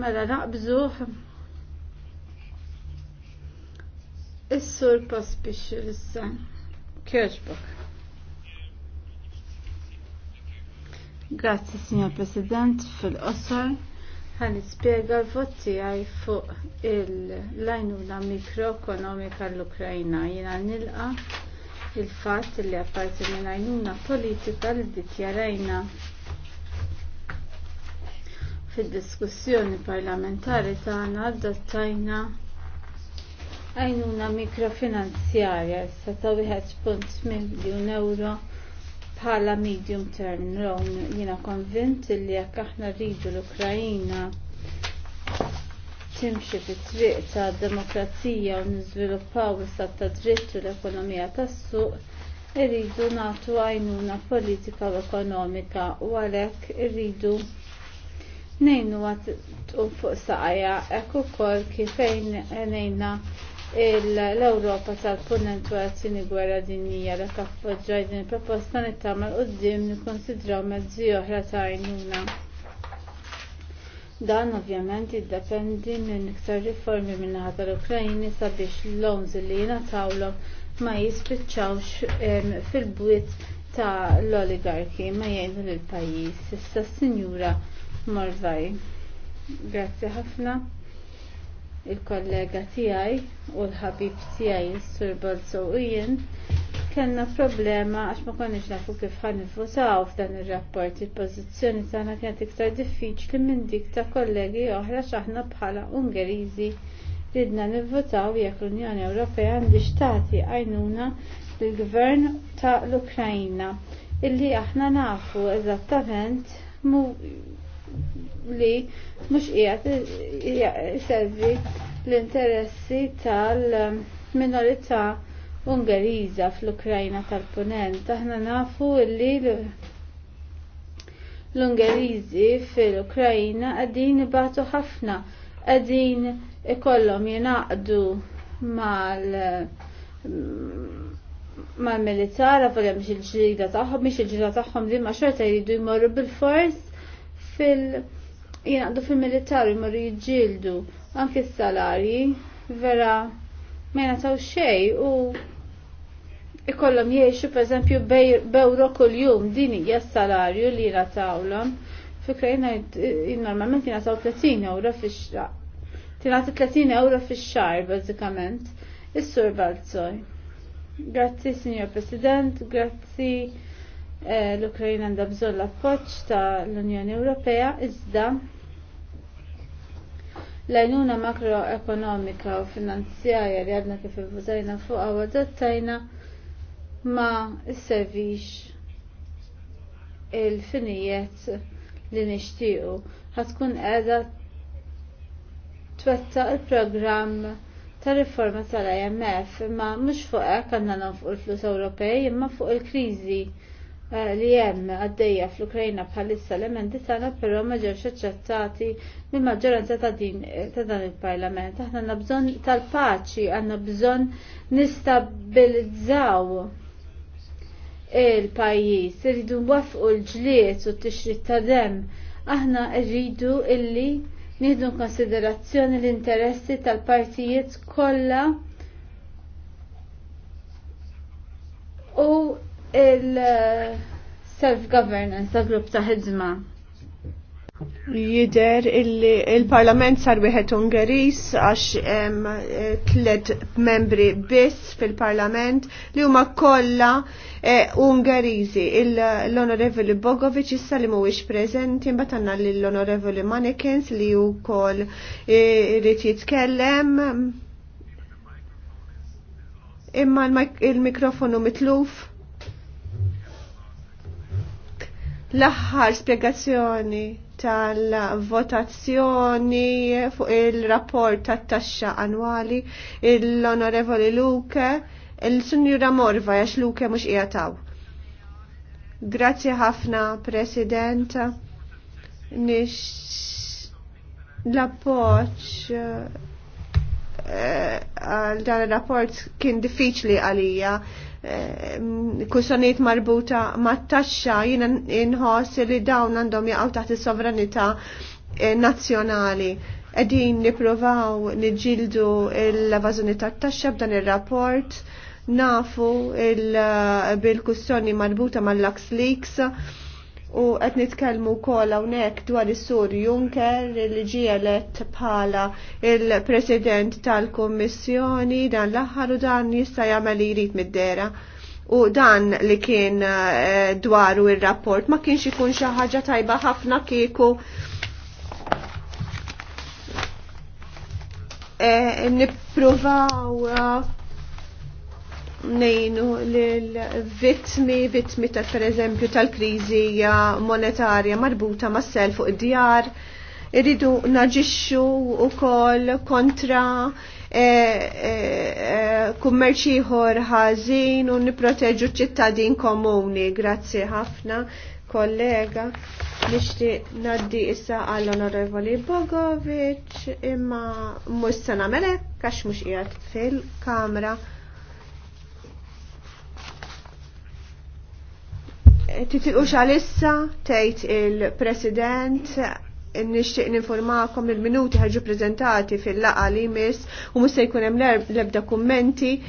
mela naqbżu. Is-sur paspixxi issa kjoġbok. Grazzi, signor President, fil-qosor Għan ispiega l votti għaj fuq il-lajnuna mikroekonomika l-Ukrajna. Jina nilqa il-fat li għapparti minn lajnuna politika li dittjarajna fil-diskussjoni parlamentari tagħna adottajna għajnuna mikrofinanzjarja sa ta' 1.8 miljun euro bħala medium term loan jiena konvint li jekk aħna rridu l-Ukrajina timxi fit-triq ta' demokrazija u niżviluppaw is-sat ta' dritt u l-ekonomija tas-suq irridu nagħtu għajnuna politika u ekonomika u għalhekk irridu nejnu għat fuq saqajja ekku ukoll kifejn nejna l-Ewropa tal-punent wara t-tieni gwerra dinjija li tappoġġaj din il-proposta nittamel quddiem nikkonsidraw mezzi oħra ta' għajnuna. Dan ovvjament jiddependi minn iktar riformi minn naħa tal ukrajini sabiex l-lowns li tawlo ma jispiċċawx fil-bwiet ta' l-oligarki ma jgħinu l pajjiż Issa s-sinjura Morvaj. Grazzi ħafna il-kollega tiegħi u l-ħabib tiegħi sur jien kellna problema għax ma konniex nafu kif ħan nifusaw f'dan ir-rapport il-pożizzjoni tagħna kienet iktar diffiċli minn dik ta' kollegi oħra x'aħna bħala Ungeriżi ridna nivvotaw jekk l-Unjoni Ewropea għandi tagħti għajnuna lill-Gvern ta' l-Ukrajna illi aħna nafu eżattament li mhux qiegħed iservi l-interessi tal-minorità Ungeriża fl-Ukrajna tal-Punent. Aħna nafu li l-Ungeriżi fil-Ukrajna qegħdin ibatu ħafna, qegħdin ikollhom jingħaqdu mal mal-militar, għavolja miex il-ġrida tagħhom, miex il-ġrida tagħhom li ma xorta jridu jmorru bil-fors fil- jinaqdu fil-militari marru jġildu anki s-salarji vera ma taw xej u ikollhom jgħixu pereżempju bewro kuljum din hija s-salarju li jnatawlhom. Fikrajna eh, normalment taw 30 euro fix-xar. Tingħati 30 euro fix bazzikament bażikament. Is-Sur Balzoj. Grazzi, Signor President, grazzi Eh, l-Ukrajina għandha bżonn l-appoġġ ta' l-Unjoni Ewropea iżda l-għajnuna makroekonomika u finanzjarja li għadna kif il-bużajna fuqa u adottajna ma servix il-finijiet li nixtiequ ħatkun qiegħda twetta il-programm ta' riforma tal-IMF imma mhux fuq hekk għandna fuq il-flus Ewropej imma fuq il-kriżi il krizi il kriżi Eh, li hemm għaddejja fl-Ukrajna bħalissa l-emendi tagħna però ma ġewx aċċettati mill-maġġoranza ta' din ta' dan il-Parlament. Aħna għandna bżonn tal-paċi, għandna bżonn nistabilizzaw il-pajjiż, rridu nwaffqu l ġliet u t tixrit ta' dem. Aħna rridu illi nieħdu konsiderazzjoni l-interessi tal-partijiet kollha u il-self-governance, ta' grupp ta' ħidma. Jider il-Parlament sar wieħed Ungeris għax hemm eh, tliet membri biss fil-Parlament li huma kollha eh, Ungeriżi. L-Onorevoli Bogovic issa li mhuwiex preżenti imbagħad għandna lill-Onorevoli Manikins li wkoll eh, irid jitkellem. Imma il-mikrofonu mitluf. L-aħħar spjegazzjoni tal-votazzjoni fuq il-rapport tat-taxxa annwali l-Onorevoli Luke, il-Sunjura Morva jax Luke mhux qiegħataw. Grazzi ħafna, President. Nix l-appoċ eh, għal dan il-rapport kien diffiċli għalija Eh, kussonijiet marbuta mat-taxxa jiena inħoss li dawn għandhom jaqgħu taħt is-sovranità eh, nazzjonali. Qegħdin nippruvaw niġġieldu l-evażjoni tat-taxxa b'dan ir-rapport nafu eh, bil-kussjoni marbuta mal-Lux Leaks U qed nitkellmu wkoll hawnhekk dwar is-Sur Juncker li ġie elett bħala il-President tal-Kummissjoni dan l-aħħar u dan jista' jagħmel li jrid mid-dera. U dan li kien eh, dwaru ir-rapport ma kienx ikun xi ħaġa tajba ħafna kieku eh, nippruvaw eh, nejnu l-vitmi, vitmi tal per eżempju tal-krizi monetarja marbuta ma' sel fuq id-djar, irridu naġixxu u koll kontra e, eh, e, eh, e, eh, kummerċiħor ħażin u niproteġu ċittadin komuni. Grazzi ħafna, kollega. Nixtieq naddi issa għall-Onorevoli Bogovic imma mhux se kax mux mhux qiegħed fil-kamra. Titilqu xalissa tgħid il-President nixtieq informakom il-minuti ħarġu prezentati fil-laqa li jmiss u mhux se jkun hemm l-ebda kummenti